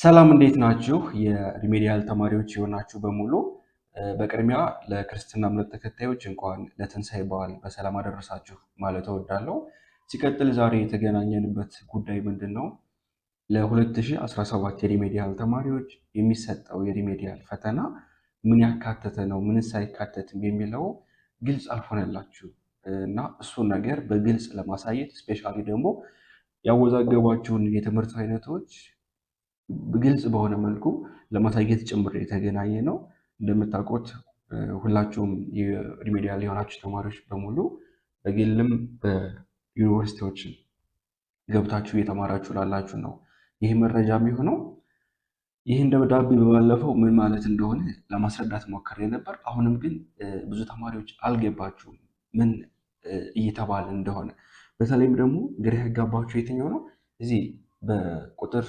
ሰላም እንዴት ናችሁ? የሪሜዲያል ተማሪዎች የሆናችሁ በሙሉ በቅድሚያ ለክርስትና እምነት ተከታዮች እንኳን ለትንሳኤ በዓል በሰላም አደረሳችሁ ማለት እወዳለሁ። ሲቀጥል ዛሬ የተገናኘንበት ጉዳይ ምንድን ነው? ለ2017 የሪሜዲያል ተማሪዎች የሚሰጠው የሪሜዲያል ፈተና ምን ያካተተ ነው? ምንስ አይካተትም የሚለው ግልጽ አልሆነላችሁ እና እሱን ነገር በግልጽ ለማሳየት ስፔሻሊ ደግሞ ያወዛገባችሁን የትምህርት አይነቶች ግልጽ በሆነ መልኩ ለማሳየት ጭምር የተገናኘ ነው። እንደምታውቁት ሁላችሁም ሪሜዲያል የሆናችሁ ተማሪዎች በሙሉ በግልም በዩኒቨርሲቲዎች ገብታችሁ እየተማራችሁ ላላችሁ ነው ይህ መረጃ የሚሆነው። ይህን ደብዳቤ በባለፈው ምን ማለት እንደሆነ ለማስረዳት ሞከር ነበር። አሁንም ግን ብዙ ተማሪዎች አልገባችሁም ምን እየተባለ እንደሆነ። በተለይም ደግሞ ግራ ያጋባችሁ የትኛው ነው እዚህ በቁጥር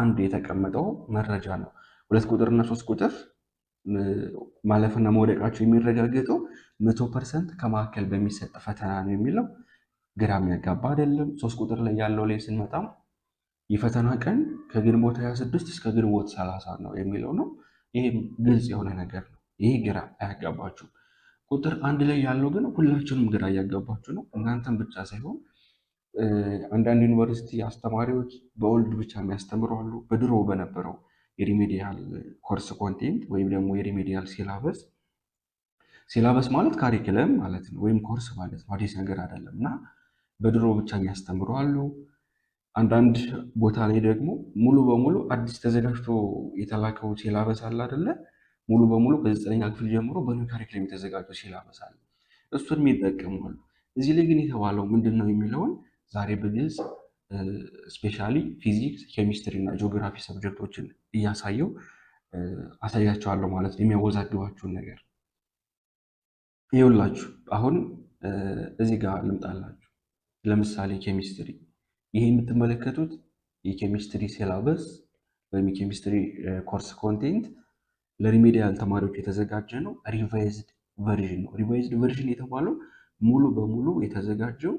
አንድ የተቀመጠው መረጃ ነው። ሁለት ቁጥር እና ሶስት ቁጥር ማለፍና መውደቃቸው የሚረጋገጠው መቶ ፐርሰንት ከማካከል በሚሰጥ ፈተና ነው የሚለው ግራም ያጋባ አይደለም። ሶስት ቁጥር ላይ ያለው ላይ ስንመጣም የፈተና ቀን ከግንቦት 26 እስከ ግንቦት 30 ነው የሚለው ነው። ይህም ግልጽ የሆነ ነገር ነው። ይህ ግራ አያጋባችሁ። ቁጥር አንድ ላይ ያለው ግን ሁላችንም ግራ እያጋባችሁ ነው። እናንተም ብቻ ሳይሆን አንዳንድ ዩኒቨርሲቲ አስተማሪዎች በኦልድ ብቻ የሚያስተምሩ አሉ። በድሮ በነበረው የሪሜዲያል ኮርስ ኮንቴንት ወይም ደግሞ የሪሜዲያል ሲላበስ ሲላበስ ማለት ካሪክለም ማለት ነው፣ ወይም ኮርስ ማለት ነው። አዲስ ነገር አይደለም እና በድሮ ብቻ የሚያስተምሩ አሉ። አንዳንድ ቦታ ላይ ደግሞ ሙሉ በሙሉ አዲስ ተዘጋጅቶ የተላከው ሲላበስ አለ አይደለ? ሙሉ በሙሉ ከዘጠነኛ ክፍል ጀምሮ በነ ካሪክለም የተዘጋጀው ሲላበስ አለ። እሱን የሚጠቀሙ አሉ። እዚህ ላይ ግን የተባለው ምንድን ነው የሚለውን ዛሬ በግዕዝ ስፔሻሊ ፊዚክስ፣ ኬሚስትሪ እና ጂኦግራፊ ሰብጀክቶችን እያሳየው አሳያቸዋለሁ ማለት ነው። የሚያወዛግባችሁን ነገር ይውላችሁ። አሁን እዚህ ጋር ልምጣላችሁ። ለምሳሌ ኬሚስትሪ፣ ይሄ የምትመለከቱት የኬሚስትሪ ሴላበስ ወይም የኬሚስትሪ ኮርስ ኮንቴንት ለሪሜዲያል ተማሪዎች የተዘጋጀ ነው። ሪቫይዝድ ቨርዥን ነው። ሪቫይዝድ ቨርዥን የተባለው ሙሉ በሙሉ የተዘጋጀው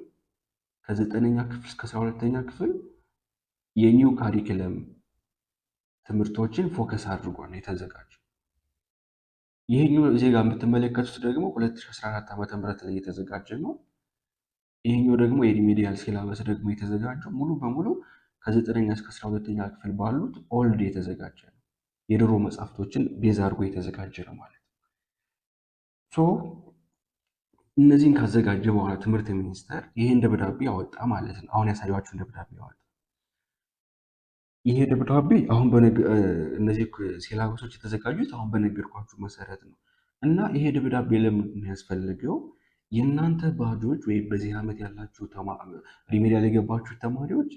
ከዘጠነኛ ክፍል እስከ አስራ ሁለተኛ ክፍል የኒው ካሪክለም ትምህርቶችን ፎከስ አድርጎ ነው የተዘጋጀው። ይህኛው ዜጋ የምትመለከቱት ደግሞ 2014 ዓ ም ላይ የተዘጋጀ ነው። ይህኛው ደግሞ የሪሜዲያል ሲላበስ ደግሞ የተዘጋጀው ሙሉ በሙሉ ከዘጠነኛ እስከ አስራ ሁለተኛ ክፍል ባሉት ኦልድ የተዘጋጀ ነው። የድሮ መጽሐፍቶችን ቤዝ አድርጎ የተዘጋጀ ነው ማለት ነው። እነዚህን ካዘጋጀ በኋላ ትምህርት ሚኒስቴር ይህን ደብዳቤ ያወጣ ማለት ነው። አሁን ያሳያችሁን ደብዳቤ ያወጣ። ይሄ ደብዳቤ አሁን እነዚህ ሲላበሶች የተዘጋጁት አሁን በነገርኳችሁ መሰረት ነው እና ይሄ ደብዳቤ ለምንድን ያስፈልገው? የእናንተ ባጆች ወይም በዚህ ዓመት ያላችሁ ሪሜዲያል የገባችሁት ተማሪዎች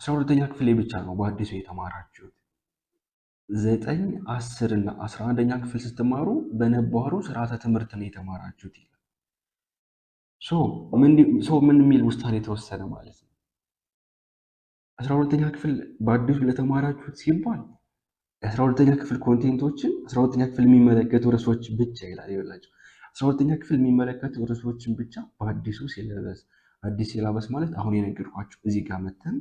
አስራ ሁለተኛ ክፍል ብቻ ነው በአዲሱ የተማራችሁት። ዘጠኝ አስር እና አስራ አንደኛ ክፍል ስትማሩ በነባሩ ስርዓተ ትምህርት ነው የተማራችሁት። ሰው ምን የሚል ውሳኔ የተወሰነ ማለት ነው። አስራ ሁለተኛ ክፍል በአዲሱ ለተማራችሁት ሲባል የአስራ ሁለተኛ ክፍል ኮንቴንቶችን አስራ ሁለተኛ ክፍል የሚመለከቱ ርዕሶችን ብቻ ይላል ይላቸው አስራ ሁለተኛ ክፍል የሚመለከቱ ርዕሶችን ብቻ በአዲሱ ሲለበስ አዲስ ሲላበስ ማለት አሁን የነገርኳቸው እዚህ ጋር መተን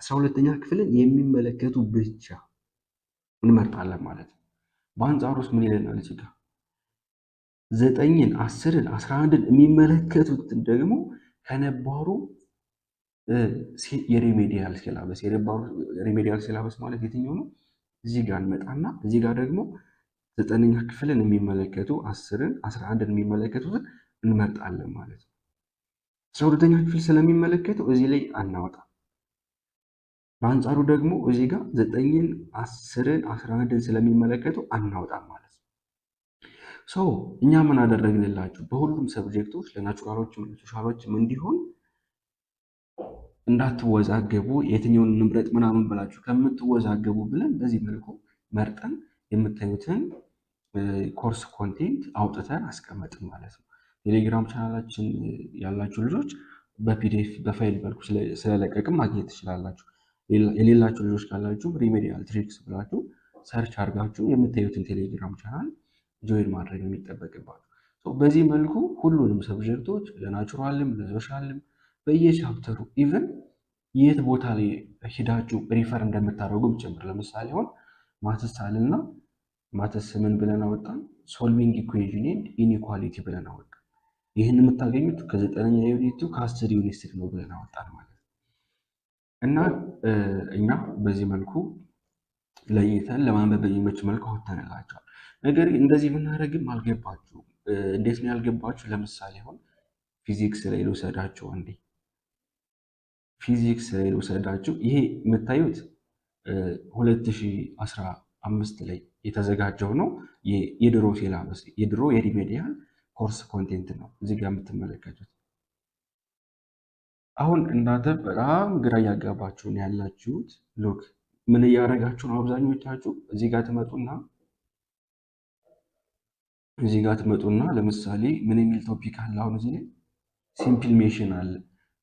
አስራ ሁለተኛ ክፍልን የሚመለከቱ ብቻ እንመርጣለን ማለት ነው። በአንጻሩ ውስጥ ምን ይለናል እዚህ ጋር ዘጠኝን፣ አስርን፣ አስራ አንድን የሚመለከቱትን ደግሞ ከነባሩ የሬሜዲያል ሲላበስ የነባሩ ሬሜዲያል ሲላበስ ማለት የትኛው ነው? እዚህ ጋር እንመጣና እዚህ ጋር ደግሞ ዘጠነኛ ክፍልን የሚመለከቱ አስርን፣ አስራ አንድን የሚመለከቱትን እንመርጣለን ማለት ነው። አስራ ሁለተኛ ክፍል ስለሚመለከተው እዚህ ላይ አናወጣም። በአንጻሩ ደግሞ እዚህ ጋር ዘጠኝን፣ አስርን፣ አስራ አንድን ስለሚመለከቱ አናወጣም ማለት ነው። ሰው እኛ ምን አደረግንላችሁ? በሁሉም ሰብጀክቶች ለናቹራሎችም ለሶሻሎችም እንዲሆን እንዳትወዛገቡ የትኛውን ንብረት ምናምን ብላችሁ ከምትወዛገቡ ብለን በዚህ መልኩ መርጠን የምታዩትን ኮርስ ኮንቴንት አውጥተን አስቀመጥን ማለት ነው። ቴሌግራም ቻናላችን ያላችሁ ልጆች በፒዲኤፍ በፋይል መልኩ ስለለቀቅም ማግኘት ትችላላችሁ። የሌላችሁ ልጆች ካላችሁ ሪሜዲያል ትሪክስ ብላችሁ ሰርች አድርጋችሁ የምታዩትን ቴሌግራም ቻናል ጆይን ማድረግ የሚጠበቅባቸው። በዚህ መልኩ ሁሉንም ሰብጀክቶች ለናቹራልም ለሶሻልም በየቻፕተሩ ኢቨን የት ቦታ ላይ ሂዳችሁ ሪፈር እንደምታደርጉም ጭምር ለምሳሌ ሆን ማትስ አልና ማትስ ምን ብለን አወጣን? ሶልቪንግ ኢኩዌዥንን ኢኒኳሊቲ ብለን አወጣን። ይህን የምታገኙት ከዘጠነኛ ዩኒቱ ከአስር ዩኒስቲክ ነው ብለን አወጣን ማለት ነው። እና እኛ በዚህ መልኩ ለይተን ለማንበብ የሚመች መልኩ አወጥተንላቸዋል። ነገር እንደዚህ ብናደረግም አልገባችሁ። እንዴት ነው ያልገባችሁ? ለምሳሌ አሁን ፊዚክስ ላይ ልውሰዳችሁ። አንዴ ፊዚክስ ላይ ልውሰዳችሁ። ይሄ የምታዩት 2015 ላይ የተዘጋጀው ነው። የድሮ ሲላበስ የድሮ የሪሜዲያል ኮርስ ኮንቴንት ነው እዚህ ጋር የምትመለከቱት። አሁን እናንተ በጣም ግራ እያጋባችሁ ነው ያላችሁት። ሉክ ምን እያደረጋችሁ ነው? አብዛኞቻችሁ እዚህ ጋር ትመጡና እዚህ ጋር ትመጡና ለምሳሌ ምን የሚል ቶፒክ አለ? አሁን እዚህ ላይ ሲምፕል ሜሽን አለ።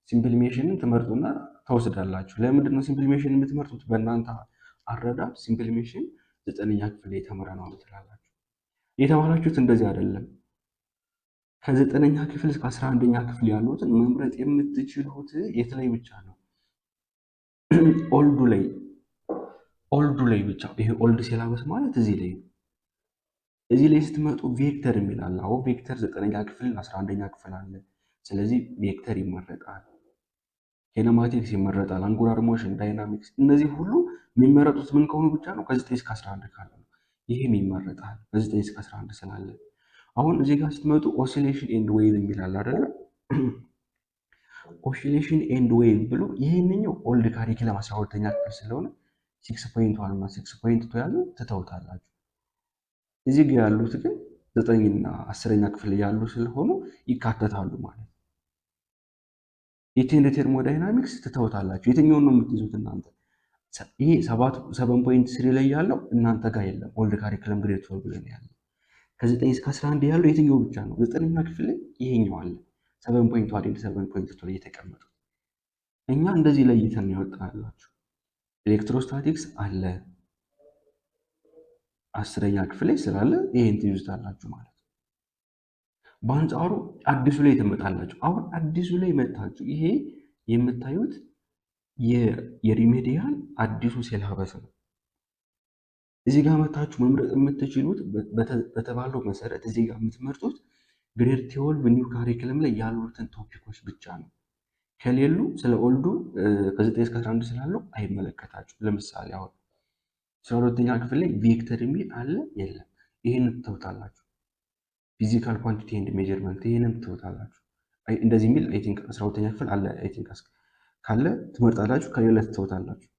ሲምፕል ሜሽንን ትመርጡና ተወስዳላችሁ። ለምንድን ነው ሲምፕል ሜሽን የምትመርጡት? በእናንተ አረዳድ ሲምፕል ሜሽን ዘጠነኛ ክፍል የተመረ ነው ትላላችሁ። የተባላችሁት እንደዚህ አይደለም። ከዘጠነኛ ክፍል እስከ አስራ አንደኛ ክፍል ያሉትን መምረጥ የምትችሉት የት ላይ ብቻ ነው? ኦልዱ ላይ ኦልዱ ላይ ብቻ። ይሄ ኦልድ ሴላበስ ማለት እዚህ ላይ ነው። እዚህ ላይ ስትመጡ ቬክተር የሚል አለ። አሁን ቬክተር ዘጠነኛ ክፍል አስራ አንደኛ ክፍል አለ። ስለዚህ ቬክተር ይመረጣል። ኬነማቲክስ ይመረጣል። አንጉላር ሞሽን፣ ዳይናሚክስ እነዚህ ሁሉ የሚመረጡት ምን ከሆኑ ብቻ ነው ከዘጠኝ 9 እስከ 11 ካለ ነው። ይህም ይመረጣል ከ እስከ አስራ አንድ ስላለ። አሁን እዚህ ጋር ስትመጡ ኦሲሌሽን ኤንድ ዌይቭ የሚላል አይደለ? ኦሲሌሽን ኤንድ ዌይቭ ብሎ ይህንኛው ኦልድ ካሪኪለም 12 ሁለተኛ ክፍል ስለሆነ ሲክስ ዋን እና ሲክስ ቱ ያሉ ትተውታላችሁ። እዚህ ጋር ያሉት ግን ዘጠኝና አስረኛ ክፍል ያሉ ስለሆኑ ይካተታሉ ማለት ነው። የቴንድ ቴርሞዳይናሚክስ ትተውታላችሁ። የትኛውን ነው የምትይዙት እናንተ? ይሄ ሰቨን ፖይንት ስሪ ላይ ያለው እናንተ ጋር የለም። ኦልድ ካሪክለም ግሬድ ፎር ብለን ያለው ከዘጠኝ እስከ አስራ አንድ ያለው የትኛው ብቻ ነው? ዘጠነኛ ክፍል ይሄኛው አለ። ሰቨን ፖይንት ዋዴል ሰቨን ፖይንት ቱ ላይ የተቀመጡት እኛ እንደዚህ ለይተን ያወጣናላችሁ። ኤሌክትሮስታቲክስ አለ አስረኛ ክፍል ላይ ስላለ ይህን ትይዙታላችሁ ማለት ነው። በአንጻሩ አዲሱ ላይ ትመጣላችሁ። አሁን አዲሱ ላይ መታችሁ ይሄ የምታዩት የሪሜዲያል አዲሱ ሲላበስ ነው። እዚህ ጋር መታችሁ መምረጥ የምትችሉት በተባለው መሰረት እዚህ ጋር የምትመርጡት ግሬድ ቴዎልቭ ኒው ካሪክለም ላይ ያሉትን ቶፒኮች ብቻ ነው። ከሌሉ ስለ ኦልዱ ከ9 እስከ 11 ስላለው አይመለከታችሁ። ለምሳሌ አሁን አስራ ሁለተኛ ክፍል ላይ ቬክተር የሚል አለ የለም? ይህን ትተውታላችሁ። ፊዚካል ኳንቲቲ ኤንድ ሜጀርመንት ይህንም ትተውታላችሁ። እንደዚህ የሚል አስራ ሁለተኛ ክፍል አለ ካለ ትመርጣላችሁ፣ ከሌለ ትተውታላችሁ።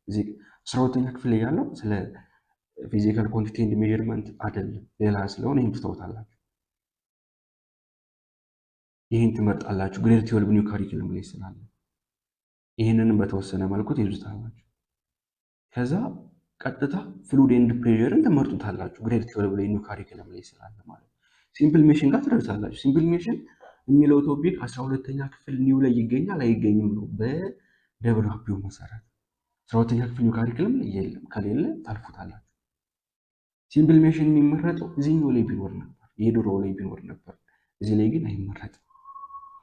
አስራ ሁለተኛ ክፍል ላይ ያለው ስለ ፊዚካል ኳንቲቲ ኤንድ ሜጀርመንት አይደለም ሌላ ስለሆነ ይህን ትተውታላችሁ። ይህን ትመርጣላችሁ። ግሬድ ትዌልቭ ኒው ካሪኩለም ላይ ስላለ ይህንንም በተወሰነ መልኩ ትይዙታላችሁ ከዛ ቀጥታ ፍሉድ ኤንድ ፕሬርን ትመርጡታላችሁ። ግሬድ ቲዮሪ ላይ ኒው ካሪክለም ላይ ስላለ ማለት ሲምፕል ሜሽን ጋር ትደርሳላችሁ። ሲምፕል ሜሽን የሚለው ቶፒክ አስራ ሁለተኛ ክፍል ኒው ላይ ይገኛል አይገኝም ነው በደብዳቤው መሰረት። አስራ ሁለተኛ ክፍል ኒው ካሪክለም ላይ የለም፣ ከሌለ ታልፉታላችሁ። ሲምፕል ሜሽን የሚመረጠው እዚህኛው ላይ ቢኖር ነበር፣ የድሮ ላይ ቢኖር ነበር። እዚህ ላይ ግን አይመረጥም።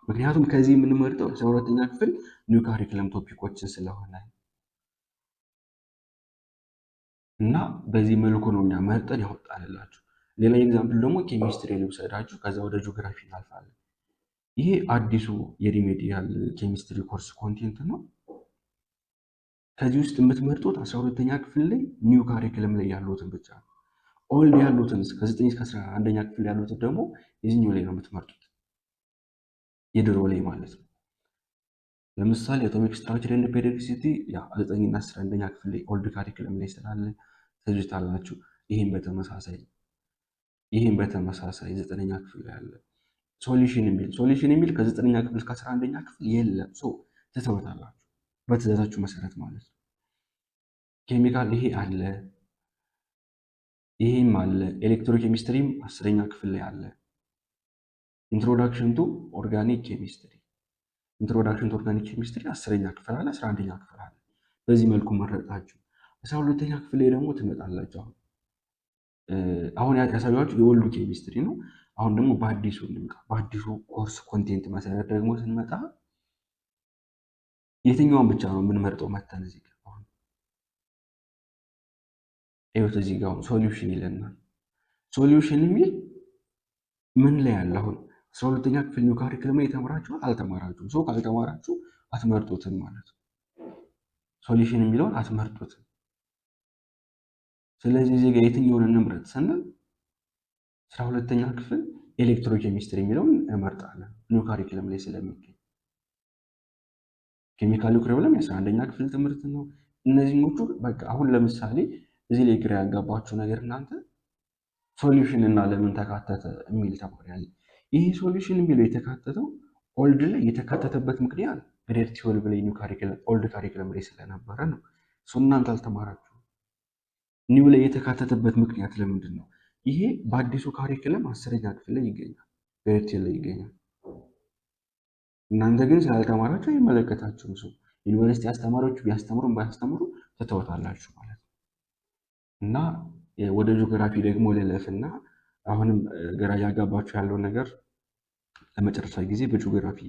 ምክንያቱም ከዚህ የምንመርጠው አስራ ሁለተኛ ክፍል ኒው ካሪክለም ቶፒኮችን ስለሆነ እና በዚህ መልኩ ነው እኛ መርጠን ያወጣንላችሁ። ሌላ ኤግዛምፕል ደግሞ ኬሚስትሪ ልውሰዳችሁ፣ ከዛ ወደ ጂኦግራፊ እናልፋለን። ይሄ አዲሱ የሪሜዲያል ኬሚስትሪ ኮርስ ኮንቴንት ነው። ከዚህ ውስጥ የምትመርጡት አስራ ሁለተኛ ክፍል ላይ ኒው ካሪክለም ላይ ያሉትን ብቻ ነው። ኦልድ ያሉትን ከዘጠኝ እስከ አንደኛ ክፍል ያሉትን ደግሞ የዚህኛው ላይ ነው የምትመርጡት፣ የድሮ ላይ ማለት ነው። ለምሳሌ አቶሚክ ስትራክቸር ኤንድ ፔሪዮዲሲቲ ዘጠኝና አስራ አንደኛ ክፍል ላይ ኦልድ ካሪክለም ላይ ስላለ ትችላላችሁ። ይህም በተመሳሳይ ይህም በተመሳሳይ ዘጠነኛ ክፍል ያለ ሶሉሽን የሚል ሶሉሽን የሚል ከዘጠነኛ ክፍል እስከ አስራ አንደኛ ክፍል የለም። ሶ ትተውታላችሁ በትእዛዛችሁ መሰረት ማለት ነው። ኬሚካል ይሄ አለ፣ ይህም አለ። ኤሌክትሮ ኬሚስትሪም አስረኛ ክፍል ላይ አለ። ኢንትሮዳክሽን ቱ ኦርጋኒክ ኬሚስትሪ ኢንትሮዳክሽን ቱ ኦርጋኒክ ኬሚስትሪ አስረኛ ክፍል አለ፣ አስራ አንደኛ ክፍል አለ። በዚህ መልኩ መረጣችሁ። አስራ ሁለተኛ ክፍል ላይ ደግሞ ትመጣላችሁ። አሁን አሁን ያሳያችሁ የወሉ ኬሚስትሪ ነው። አሁን ደግሞ በአዲሱ እንምጣ። በአዲሱ ኮርስ ኮንቴንት መሰረት ደግሞ ስንመጣ የትኛውን ብቻ ነው የምንመርጠው? መተን እዚህ ጋር አሁን ይኸውት እዚህ ጋር አሁን ሶሉሽን ይለናል። ሶሉሽን የሚል ምን ላይ ያለ አሁን አስራ ሁለተኛ ክፍል ኒው ካሪክለም የተማራችሁ አልተማራችሁም። ሰው ካልተማራችሁ አትመርጡትም ማለት ነው። ሶሉሽን የሚለውን አትመርጡትም። ስለዚህ እዚህ ጋር የትኛውን እንምረጥ ስንል አስራ ሁለተኛ ክፍል ኤሌክትሮ ኬሚስትሪ የሚለውን እመርጣለን ኒው ካሪክለም ላይ ስለሚገኝ ኬሚካል ኩሪኩለም የአስራ አንደኛ ክፍል ትምህርት ነው። እነዚህኞቹ በቃ አሁን ለምሳሌ እዚህ ላይ ግራ ያጋባችሁ ነገር እናንተ ሶሉሽን እና ለምን ተካተተ የሚል ተማሪ አለ። ይሄ ሶሉሽን የሚለው የተካተተው ኦልድ ላይ የተካተተበት ምክንያት ግሬድ ትዌልቭ ላይ ኒው ኦልድ ካሪክለም ላይ ስለነበረ ነው። እሱ እናንተ አልተማራችሁ ኒው ላይ የተካተተበት ምክንያት ለምንድን ነው? ይሄ በአዲሱ ካሪክለም አስረኛ ክፍል ላይ ይገኛል፣ ግሬድ ላይ ይገኛል። እናንተ ግን ስላልተማራችሁ አይመለከታችሁም። ሰው ዩኒቨርሲቲ አስተማሪዎቹ ቢያስተምሩም ባያስተምሩ ትተወታላችሁ ማለት ነው። እና ወደ ጂኦግራፊ ደግሞ እና አሁንም ግራ ያጋባችሁ ያለው ነገር ለመጨረሻ ጊዜ በጂኦግራፊ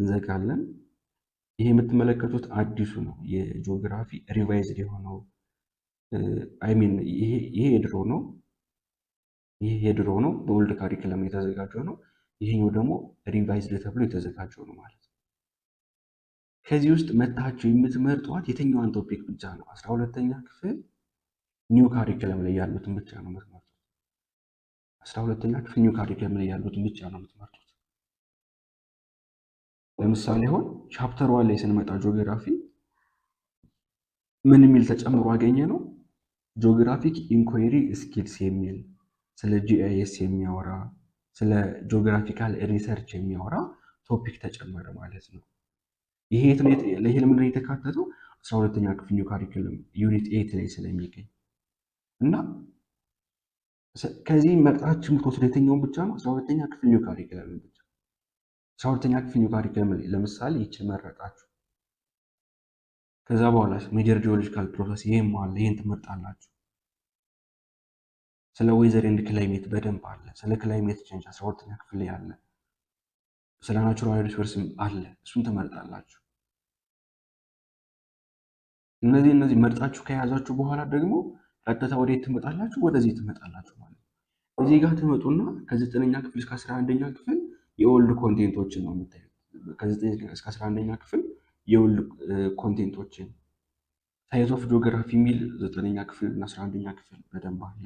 እንዘጋለን። ይሄ የምትመለከቱት አዲሱ ነው የጂኦግራፊ ሪቫይዝድ የሆነው አይሚን ይሄ የድሮ ነው። ይሄ የድሮ ነው፣ በኦልድ ካሪክለም የተዘጋጀው ነው። ይሄኛው ደግሞ ሪቫይዝድ ተብሎ የተዘጋጀው ነው ማለት ነው። ከዚህ ውስጥ መታችሁ የምትመርጧት የትኛዋን ቶፒክ ብቻ ነው? አስራ ሁለተኛ ክፍል ኒው ካሪክለም ላይ ያሉትን ብቻ ነው የምትመርጡት። አስራ ሁለተኛ ክፍል ኒው ካሪክለም ላይ ያሉትን ብቻ ነው የምትመርጡት። ለምሳሌ አሁን ቻፕተር ዋን ላይ ስንመጣ ጂኦግራፊ ምን የሚል ተጨምሮ አገኘ ነው ጂኦግራፊክ ኢንኳሪ ስኪልስ የሚል ስለ ጂአይኤስ የሚያወራ ስለ ጂኦግራፊካል ሪሰርች የሚያወራ ቶፒክ ተጨመረ ማለት ነው። ይሄ ለይሄ ለምንድን ነው የተካተተው? አስራ ሁለተኛ ክፍል ኒው ካሪኩለም ዩኒት ኤይት ላይ ስለሚገኝ እና ከዚህ መቅጣች የምትወስደው የትኛውን ብቻ ነው? አስራ ሁለተኛ ክፍል ኒው ካሪኩለም ብቻ። አስራ ሁለተኛ ክፍል ኒው ካሪኩለም ለምሳሌ ይችን መረጣችሁ ከዛ በኋላ ሜጀር ጂኦሎጂካል ፕሮሰስ ይህም አለ። ይህን ትምህርት አላችሁ። ስለ ዌዘር ኤንድ ክላይሜት በደንብ አለ። ስለ ክላይሜት ቼንጅ አስራ ሁለተኛ ክፍል ላይ አለ። ስለ ናቹራል ሪሶርስ አለ። እሱን ትመርጣላችሁ። እነዚህ እነዚህ መርጣችሁ ከያዛችሁ በኋላ ደግሞ ቀጥታ ወደ ወዴት ትመጣላችሁ? ወደዚህ ትመጣላችሁ ማለት ነው። እዚህ ጋር ትመጡና ከዘጠነኛ ክፍል እስከ አስራ አንደኛ ክፍል የኦልድ ኮንቴንቶችን ነው የምታዩት። ከዘጠኝ እስከ አስራ አንደኛ ክፍል የወል ኮንቴንቶችን ሳይንስ ኦፍ ጂኦግራፊ የሚል ዘጠነኛ ክፍል እና አስራ አንደኛ ክፍል በደንብ አለ።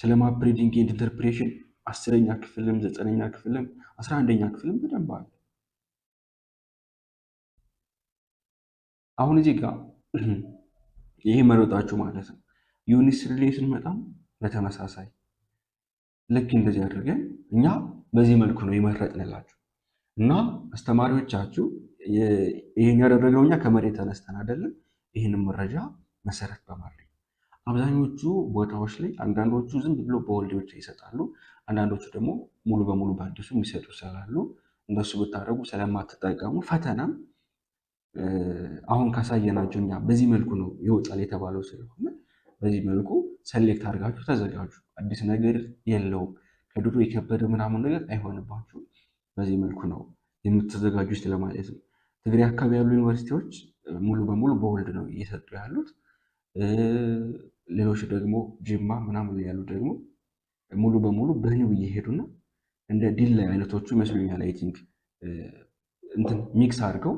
ስለ ማፕ ሪዲንግ ኤንድ ኢንተርፕሬሽን አስረኛ ክፍልም ዘጠነኛ ክፍልም አስራ አንደኛ ክፍልም በደንብ አለ። አሁን እዚህ ጋር ይሄ መረጣችሁ ማለት ነው። ዩኒስ ሪሌይ ስንመጣ በተመሳሳይ ልክ እንደዚህ አድርገን እኛ በዚህ መልኩ ነው የመረጥንላችሁ። እና አስተማሪዎቻችሁ ይህን ያደረገው እኛ ከመሬት ተነስተን አይደለም፣ ይህንን መረጃ መሰረት በማድረግ አብዛኞቹ ቦታዎች ላይ አንዳንዶቹ ዝም ብሎ በወልዲዎች ይሰጣሉ፣ አንዳንዶቹ ደግሞ ሙሉ በሙሉ በአዲሱ የሚሰጡ ስላሉ እንደሱ ብታደረጉ ስለማትጠቀሙ ፈተናም አሁን ካሳየናቸው እኛ በዚህ መልኩ ነው ይወጣል የተባለው ስለሆነ በዚህ መልኩ ሰሌክት አድርጋችሁ ተዘጋጁ። አዲስ ነገር የለውም። ከድሮ የከበደ ምናምን ነገር አይሆንባችሁም። በዚህ መልኩ ነው የምትዘጋጁት ለማለት ነው። ትግሬ አካባቢ ያሉ ዩኒቨርሲቲዎች ሙሉ በሙሉ በወልድ ነው እየሰጡ ያሉት። ሌሎች ደግሞ ጅማ ምናምን ያሉ ደግሞ ሙሉ በሙሉ በኒው እየሄዱ ነው። እንደ ዲላ አይነቶቹ ይመስሉኛል። አይ ቲንክ እንትን ሚክስ አድርገው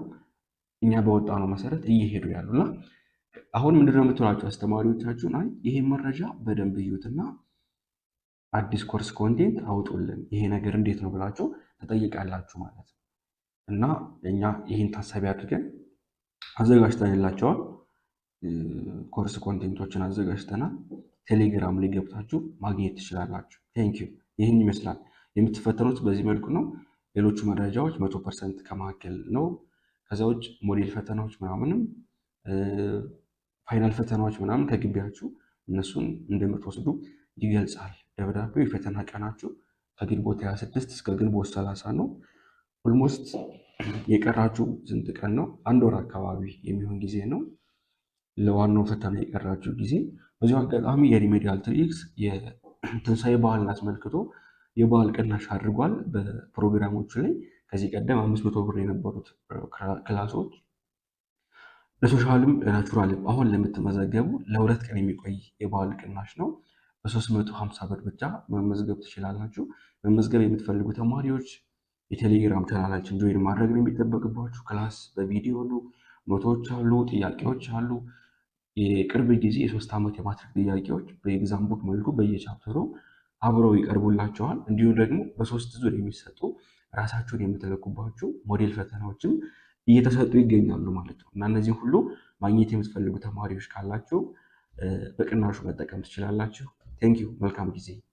እኛ በወጣ ነው መሰረት እየሄዱ ያሉና አሁን ምንድነው የምትሏቸው አስተማሪዎቻችሁን፣ አይ ይሄን መረጃ በደንብ እዩትና አዲስ ኮርስ ኮንቴንት አውጡልን ይሄ ነገር እንዴት ነው ብላችሁ ተጠይቃላችሁ ማለት ነው። እና እኛ ይህን ታሳቢ አድርገን አዘጋጅተንላቸዋል። ኮርስ ኮንቴንቶችን አዘጋጅተናል። ቴሌግራም ላይ ገብታችሁ ማግኘት ትችላላችሁ። ቴንኪዩ። ይህን ይመስላል። የምትፈተኑት በዚህ መልኩ ነው። ሌሎቹ መረጃዎች መቶ ፐርሰንት ከመካከል ነው። ከዛ ውጭ ሞዴል ፈተናዎች ምናምንም ፋይናል ፈተናዎች ምናምን ከግቢያችሁ እነሱን እንደምትወስዱ ይገልጻል። ደብዳቤው የፈተና ቀናችሁ ከግንቦት 26 እስከ ግንቦት 30 ነው። ኦልሞስት የቀራችሁ ስንት ቀን ነው? አንድ ወር አካባቢ የሚሆን ጊዜ ነው ለዋናው ፈተና የቀራችሁ ጊዜ። በዚሁ አጋጣሚ የሪሜዲያል ትሪክስ የትንሳኤ በዓልን አስመልክቶ የበዓል ቅናሽ አድርጓል በፕሮግራሞቹ ላይ ከዚህ ቀደም አምስት መቶ ብር የነበሩት ክላሶች ለሶሻልም ናቹራልም አሁን ለምትመዘገቡ ለሁለት ቀን የሚቆይ የበዓል ቅናሽ ነው። በ350 ብር ብቻ መመዝገብ ትችላላችሁ። መመዝገብ የምትፈልጉ ተማሪዎች የቴሌግራም ቻናላችን ጆይን ማድረግ ነው የሚጠበቅባችሁ። ክላስ በቪዲዮ አሉ፣ ኖቶች አሉ፣ ጥያቄዎች አሉ። የቅርብ ጊዜ የሶስት ዓመት የማትሪክ ጥያቄዎች በኤግዛም ቡክ መልኩ በየቻፕተሩ አብረው ይቀርቡላቸዋል። እንዲሁም ደግሞ በሶስት ዙር የሚሰጡ ራሳችሁን የምትለኩባቸው ሞዴል ፈተናዎችም እየተሰጡ ይገኛሉ ማለት ነው እና እነዚህ ሁሉ ማግኘት የምትፈልጉ ተማሪዎች ካላችሁ በቅናሹ መጠቀም ትችላላችሁ። Thank you. Welcome, Gizzy.